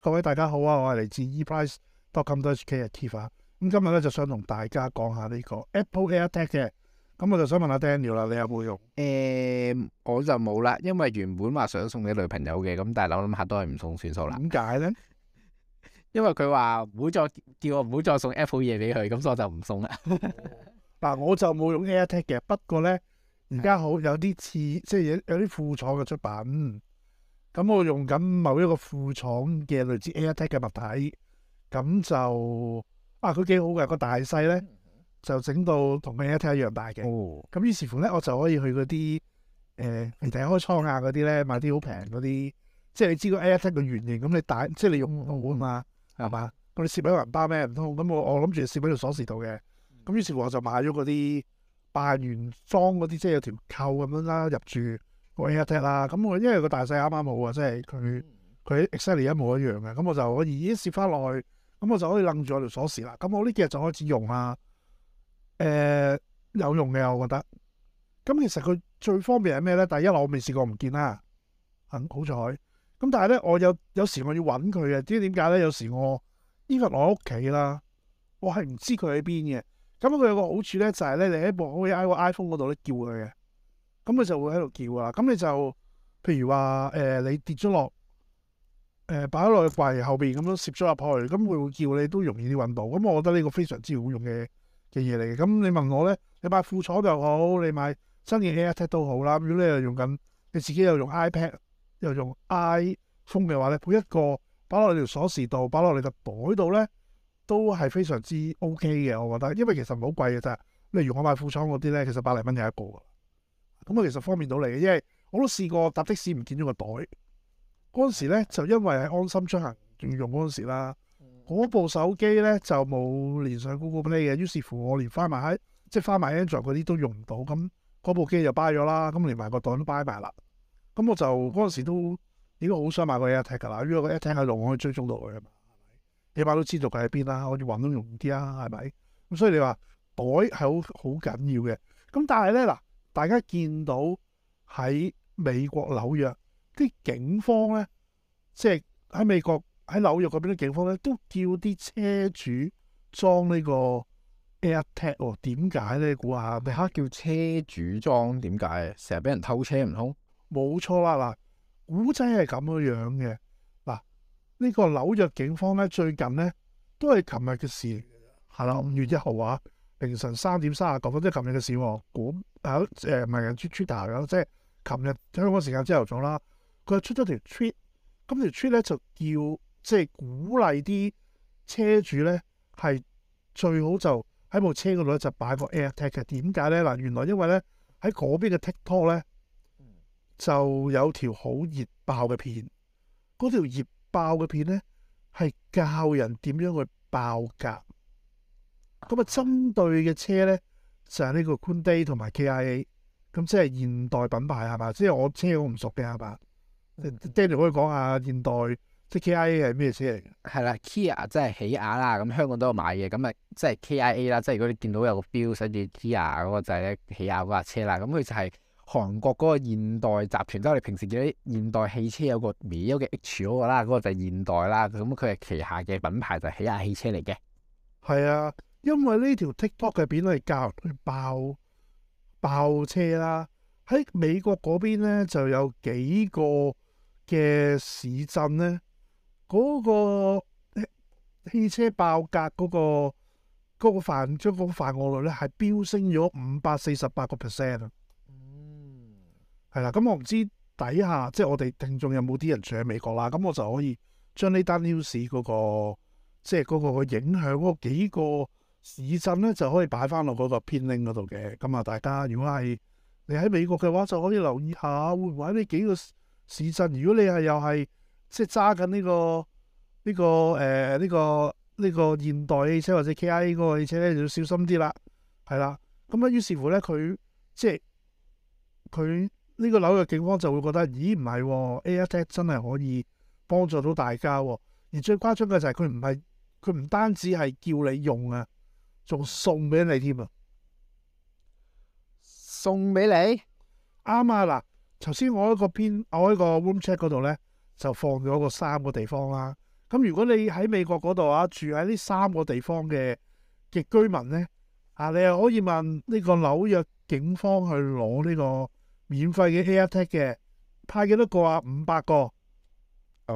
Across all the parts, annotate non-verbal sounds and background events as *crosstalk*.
各位大家好啊，我係嚟自 ePrice dot com dot hk 嘅 Kevin，咁今日咧就想同大家講下呢個 Apple AirTag 嘅，咁我就想問下 Daniel 啦，你有冇用？誒，我就冇啦，因為原本話想送你女朋友嘅，咁但係我諗下都係唔送算數啦。點解咧？因為佢話唔好再叫我唔好再送 Apple 嘢俾佢，咁所以我就唔送啦。嗱，我就冇用 AirTag 嘅，不過咧。而家好有啲似，即係有有啲副廠嘅出品，咁我用緊某一個副廠嘅類似 AirTag 嘅物體，咁就啊佢幾好㗎個大細咧，就整到同 AirTag 一樣大嘅。咁、哦、於是乎咧，我就可以去嗰啲誒人哋開倉啊嗰啲咧買啲好平嗰啲，即係你知個 AirTag 嘅原型，咁你帶即係你用到啊嘛，係、嗯、嘛？咁你攝喺個銀包咩唔通？咁我我諗住攝喺度鎖匙度嘅，咁於是乎我就買咗嗰啲。扮完裝嗰啲即係有條扣咁樣啦，入住我 AirTag 啦，咁我因為個大細啱啱好啊，即係佢佢 exactly 一模一樣嘅，咁我，我就可以移攝翻落去，咁我就可以擸住我條鎖匙啦，咁我呢幾日就開始用下，誒、呃、有用嘅我覺得。咁其實佢最方便係咩咧？第一我未試過唔見啦，嗯、好好彩。咁但係咧，我有有時我要揾佢啊，知點點解咧？有時我依個攞屋企啦，我係唔知佢喺邊嘅。咁佢有個好處咧，就係咧，你喺部好似 iPhone 嗰度咧叫佢嘅，咁佢就會喺度叫㗎喇。咁你就譬如話誒，你跌咗落誒，擺喺落個櫃後邊咁樣攝咗入去，咁佢會叫你都容易啲揾到。咁我覺得呢個非常之好用嘅嘅嘢嚟嘅。咁你問我咧，你買副廠又好，你買新型 AirTag 都好啦。咁如果咧你又用緊，你自己又用 iPad 又用 iPhone 嘅話咧，配一個擺落你條鎖匙度，擺落你個袋度咧。都係非常之 OK 嘅，我覺得，因為其實唔好貴嘅啫。例如我買副廠嗰啲咧，其實百零蚊有一個㗎。咁啊，其實方便到嚟嘅，因為我都試過搭的士唔見咗個袋。嗰陣時咧，就因為係安心出行仲要用嗰陣時啦。嗰部手機咧就冇連上 Google Play 嘅，於是乎我連翻埋喺即係翻埋 Android 嗰啲都用唔到，咁嗰部機就擺咗啦。咁連埋個袋都擺埋啦。咁我就嗰陣時都應該好想買個 AirTag 㗎啦。如果個 AirTag 喺度，我可以追蹤到佢啊。起碼都知道佢喺邊啦，可以搵得容易啲啦，係咪？咁所以你話袋係好好緊要嘅。咁但係咧嗱，大家見到喺美國紐約啲警方咧，即係喺美國喺紐約嗰邊啲警方咧，都叫啲車主裝呢個 AirTag 哦。點解咧？估下咪吓叫車主裝，點解？成日俾人偷車唔通？冇錯啦，嗱，古仔係咁樣樣嘅。呢、這個紐約警方咧最近咧都係琴日嘅事嚟嘅，係啦，五月一號啊，凌晨三點三十九分，昨啊呃、Twitter，即係琴日嘅事喎。咁響誒名人 Twitter 頭咁，即係琴日香港時間朝頭早啦，佢出咗條 tweet，咁條 tweet 咧就叫即係、就是、鼓勵啲車主咧係最好就喺部車嗰度咧就擺個 AirTag。點解咧嗱？原來因為咧喺嗰邊嘅 TikTok 咧就有條好熱爆嘅片，嗰條熱。爆嘅片咧，係教人點樣去爆格。咁啊，針對嘅車咧就係、是、呢個 Hyundai 同埋 KIA。咁即係現代品牌係嘛？即係、就是、我車好唔熟嘅係嘛？Daniel 可以講下現代即係 KIA 係咩車嚟嘅？係啦，Kia 即係起亞啦。咁香港都有買嘢。咁啊，即係 KIA 啦。即係如果你見到有個標寫住 Kia 嗰個就係、是、起亞架車啦。咁佢就係、是。韓國嗰個現代集團，即係我哋平時見到啲現代汽車有個 M O 嘅 H O 嗰個啦，嗰個就係現代啦。咁佢係旗下嘅品牌就係起亞汽車嚟嘅。係啊，因為呢條 TikTok 嘅片係教人去爆爆車啦。喺美國嗰邊咧就有幾個嘅市鎮咧，嗰個汽車爆格嗰個嗰個犯將嗰個犯案率咧係飆升咗五百四十八個 percent 啊！係啦，咁我唔知底下即係我哋聽眾有冇啲人住喺美國啦，咁我就可以將呢單 news 嗰個即係嗰個影響嗰幾個市鎮呢，就可以擺翻落嗰個編令嗰度嘅。咁啊，大家如果係你喺美國嘅話，就可以留意下會唔會喺呢幾個市鎮。如果你係又係即係揸緊呢個呢、這個呢、呃這個呢、這個這個現代汽車或者 KIA 嗰個汽車呢，就要小心啲啦。係啦，咁啊於是乎呢，佢即係佢。呢、這個紐約警方就會覺得，咦？唔係、哦、AirTag 真係可以幫助到大家、哦。而最誇張嘅就係佢唔係佢唔單止係叫你用啊，仲送俾你添啊！送俾你啱啊！嗱，頭先我那個編我喺個 w o a t s a p p 嗰度咧，就放咗個三個地方啦。咁如果你喺美國嗰度啊，住喺呢三個地方嘅嘅居民咧，啊，你又可以問呢個紐約警方去攞呢、這個。免費嘅 AirTag 嘅派幾多個啊？五百個。好。係、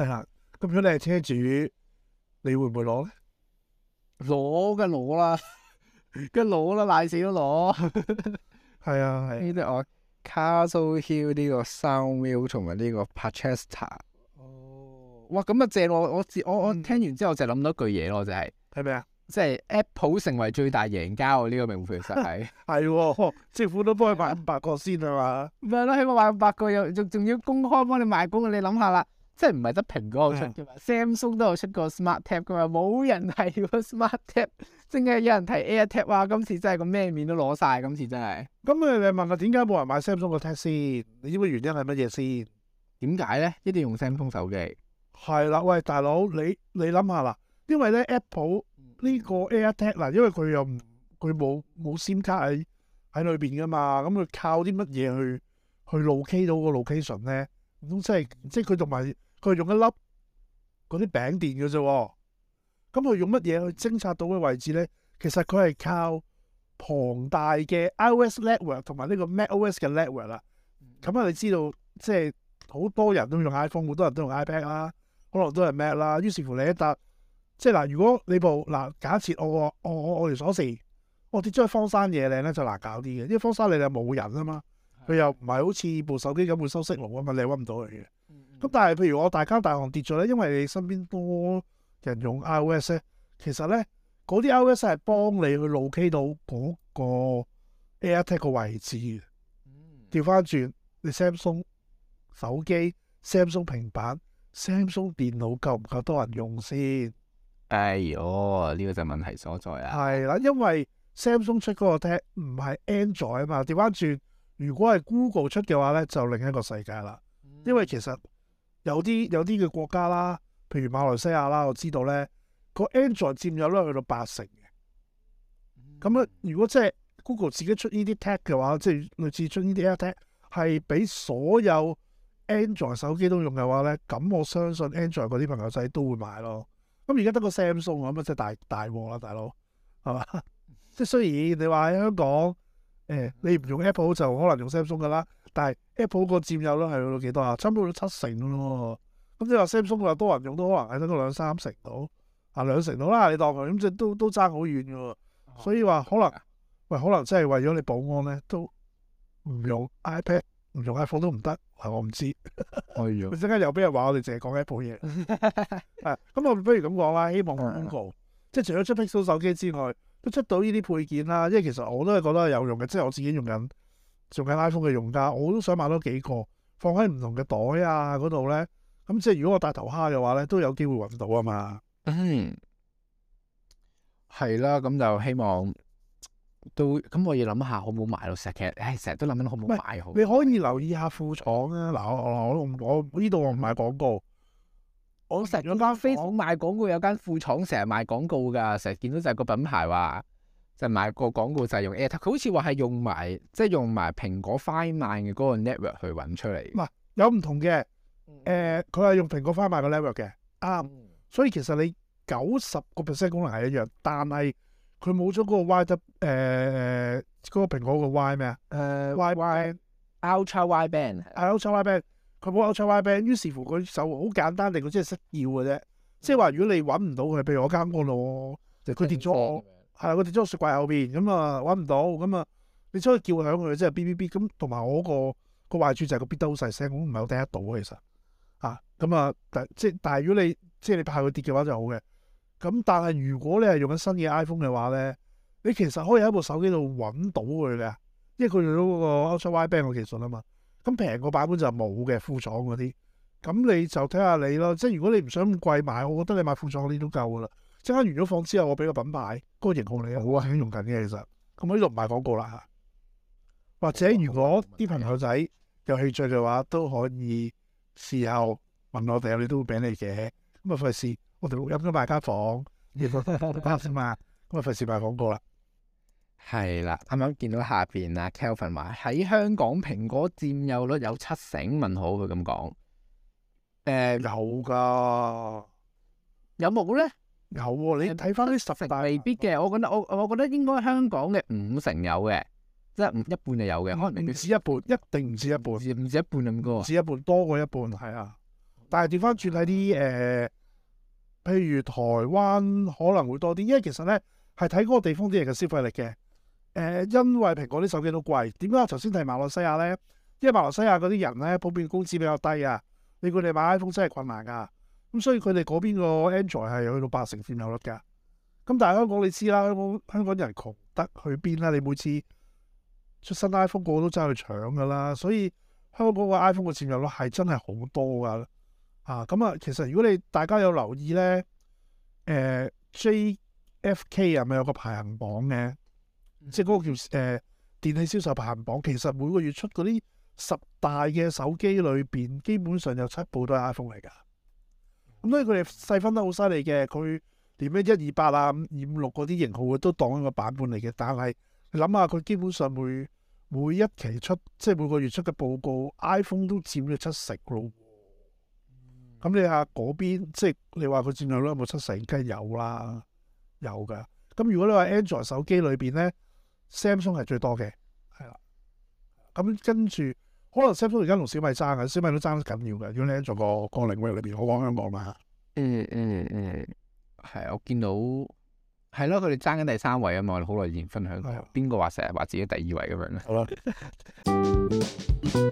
oh、啦，咁如果你係車主，你會唔會攞咧？攞梗攞啦，梗攞啦，賴死都攞。係 *laughs* 啊係。呢啲哦，Castle Hill 呢個 Soundview 同埋呢個 Parkchester 哦，哇，咁啊正！我我我我聽完之後就諗到句嘢咯，就、嗯、係。睇咩啊？即係 Apple 成為最大贏家啊！呢、呢個名副其實係係、 *laughs* 哦、政府都幫佢買五百個先 *laughs* 啊嘛，唔係啦，起碼買五百個又仲仲要公開幫你賣股，你諗下啦，即係唔係得蘋果出嘅嘛 *laughs* ？Samsung 都有出過 Smart Tag 嘅嘛，冇人提過 Smart Tag，淨係有人提 Air Tag 啊！今次真係個咩面都攞晒，今次真係。咁誒，你問下點解冇人買 Samsung 個 Tag 先？你知唔知原因係乜嘢先？點解咧？一定要用 Samsung 手機？係啦，喂，大佬，你你諗下啦，因為咧 Apple。呢、這個 AirTag 嗱，因為佢又唔佢冇冇 SIM 卡喺喺裏邊噶嘛，咁、嗯、佢靠啲乜嘢去去 locate 到個 location 咧？唔通、就是、即係即係佢同埋佢用一粒嗰啲餅電嘅啫、哦？咁、嗯、佢用乜嘢去偵察到嘅位置咧？其實佢係靠龐大嘅 iOS network 同埋呢個 macOS 嘅 network 啦。咁、嗯、啊，你知道即係好多人都用 iPhone，好多人都用 iPad 啦，可能都係 Mac 啦。於是乎，你一笪。即係、啊、嗱，如果你部嗱、啊，假設我我我我條鎖匙，我跌咗喺荒山野嶺咧，就難搞啲嘅，因為荒山野嶺冇人啊嘛，佢又唔係好似部手機咁會收信號啊嘛，你揾唔到佢嘅。咁、嗯嗯、但係譬如我大街大巷跌咗咧，因為你身邊多人用 iOS 咧，其實咧嗰啲 iOS 係幫你去 locate 到嗰個 AirTag 嘅位置嘅。調翻轉你 Samsung 手機、Samsung 平板、Samsung 電腦夠唔夠多人用先？哎喲，呢個就係問題所在啊！係啦，因為 Samsung 出嗰個 tag 唔係 Android 啊嘛，調翻轉如果係 Google 出嘅話咧，就另一個世界啦。因為其實有啲有啲嘅國家啦，譬如馬來西亞啦，我知道咧個 Android 佔有率，去到八成嘅。咁咧，如果即係 Google 自己出呢啲 tag 嘅話，即係類似出呢啲 AirTag 係俾所有 Android 手機都用嘅話咧，咁我相信 Android 嗰啲朋友仔都會買咯。咁而家得個 Samsung，我諗即係大大鑊啦，大佬係嘛？即係雖然你話喺香港誒、欸，你唔用 Apple 就可能用 Samsung 嘅啦，但係 Apple 個佔有率係到幾多啊？差唔多到七成咯。咁你話 Samsung 又多人用，都可能係得個兩三成到啊，兩成到啦。你當佢咁即都都爭好遠嘅、哦。所以話可能喂，可能真係為咗你保安咧，都唔用 iPad。唔用 iPhone 都唔得，係我唔知。我一陣間 *laughs* 又俾人我話 *laughs* 我哋淨係講 iPhone 嘢，咁我不如咁講啦。希望 Google。即係除咗出 Pixel 手機之外，都出到呢啲配件啦。因為其實我都係覺得有用嘅，即係我自己用緊用緊 iPhone 嘅用家，我都想買多幾個放喺唔同嘅袋啊嗰度咧。咁即係如果我大頭蝦嘅話咧，都有機會揾到啊嘛。嗯，係啦，咁就希望。到咁，我要諗下好唔好賣咯？成日其實，唉，成日都諗緊好唔好賣。好，你可以留意下副廠啊。嗱，嗱，我都唔講呢度，唔賣廣告。我成日嗰間飛，賣廣告有間副廠，成日賣廣告噶，成日見到就係個品牌話，就賣個廣告就用 AirTag，佢好似話係用埋，即係用埋蘋果 Find My 嘅嗰個 network 去搵出嚟。嗱，有唔同嘅，誒，佢係用蘋果 Find My 個 network 嘅。啊，所以其實你九十個 percent 功能係一樣，但係。佢冇咗嗰個 Y 得誒誒嗰個蘋果個 Y 咩啊？誒、uh, Y Y Ultra Y Band 係、yeah, Ultra Y Band，佢冇 o Ultra Y Band，於是乎佢手好簡單定佢只係失要嘅啫。即係話如果你揾唔到佢，譬如我間屋咯，就佢跌咗，係、嗯、啦，佢跌咗雪櫃後邊，咁啊揾唔到，咁、嗯、啊你出去叫響佢，即係 B B B、嗯、咁。同埋我、嗰個、嗰個壞處就係個 B 得好細聲，我唔係好聽得到其實啊，咁、嗯、啊，但即係但係如果你即係你怕佢跌嘅話就好嘅。咁但係如果你係用緊新嘅 iPhone 嘅話咧，你其實可以喺部手機度搵到佢嘅，因為佢用咗嗰個 Ultra Wideband 嘅技術啊嘛。咁平個版本就冇嘅，副廠嗰啲。咁你就睇下你咯，即係如果你唔想咁貴買，我覺得你買副廠啲都夠噶啦。即刻完咗房之後，我俾個品牌，嗰個型號你啊。我係用緊嘅其實。咁我呢度唔賣廣告啦。或者如果啲朋友仔有興趣嘅話，都可以事後問我哋，我都會俾你嘅。咁啊，費事。我哋錄音都賣間房，唔好唔啱先嘛。咁啊，費事賣廣告啦。係啦，啱啱見到下邊啊，Kelvin 話喺香港蘋果佔有率有七成，問好佢咁講。誒、呃，有噶？有冇咧？有喎，哦，你睇翻啲十成未必嘅。我覺得我我覺得應該香港嘅五成有嘅，即係一半就有嘅，可能唔止一半，一定唔止一半，唔止，唔止一半咁高，止一半多過一半，係啊。但係調翻轉喺啲誒。呃譬如台灣可能會多啲，因為其實咧係睇嗰個地方啲人嘅消費力嘅。誒、呃，因為蘋果啲手機都貴，點解我頭先提馬來西亞咧？因為馬來西亞嗰啲人咧普遍工資比較低啊，你佢哋買 iPhone 真係困難噶。咁所以佢哋嗰邊個 Android 係去到八成佔有率㗎。咁但係香港你知啦，香港香港人窮得去邊啦？你每次出新 iPhone 個個都爭去搶㗎啦，所以香港個 iPhone 嘅佔有率係真係好多㗎。啊，咁啊，其實如果你大家有留意咧，誒、呃、JFK 啊，咪有個排行榜嘅、嗯，即係嗰個叫誒、呃、電器銷售排行榜。其實每個月出嗰啲十大嘅手機裏邊，基本上有七部都係 iPhone 嚟㗎。咁所以佢哋細分得好犀利嘅，佢連咩一二八啊、二五六嗰啲型號都當一個版本嚟嘅。但係你諗下，佢基本上每每一期出，即係每個月出嘅報告，iPhone 都佔咗七成咯。咁你下、啊、嗰邊即係你話佢佔量都有冇七成？梗係有啦，有噶。咁如果你話 Android 手機裏邊咧，Samsung 係最多嘅，係啦。咁跟住可能 Samsung 而家同小米爭嘅，小米都爭緊要嘅。如果你 Android 個個領域裏邊，我講香港嘛嚇。嗯嗯嗯，係、嗯。我見到係咯，佢哋爭緊第三位啊嘛。我哋好耐以前分享過，邊個話成日話自己第二位咁樣咧？好啦。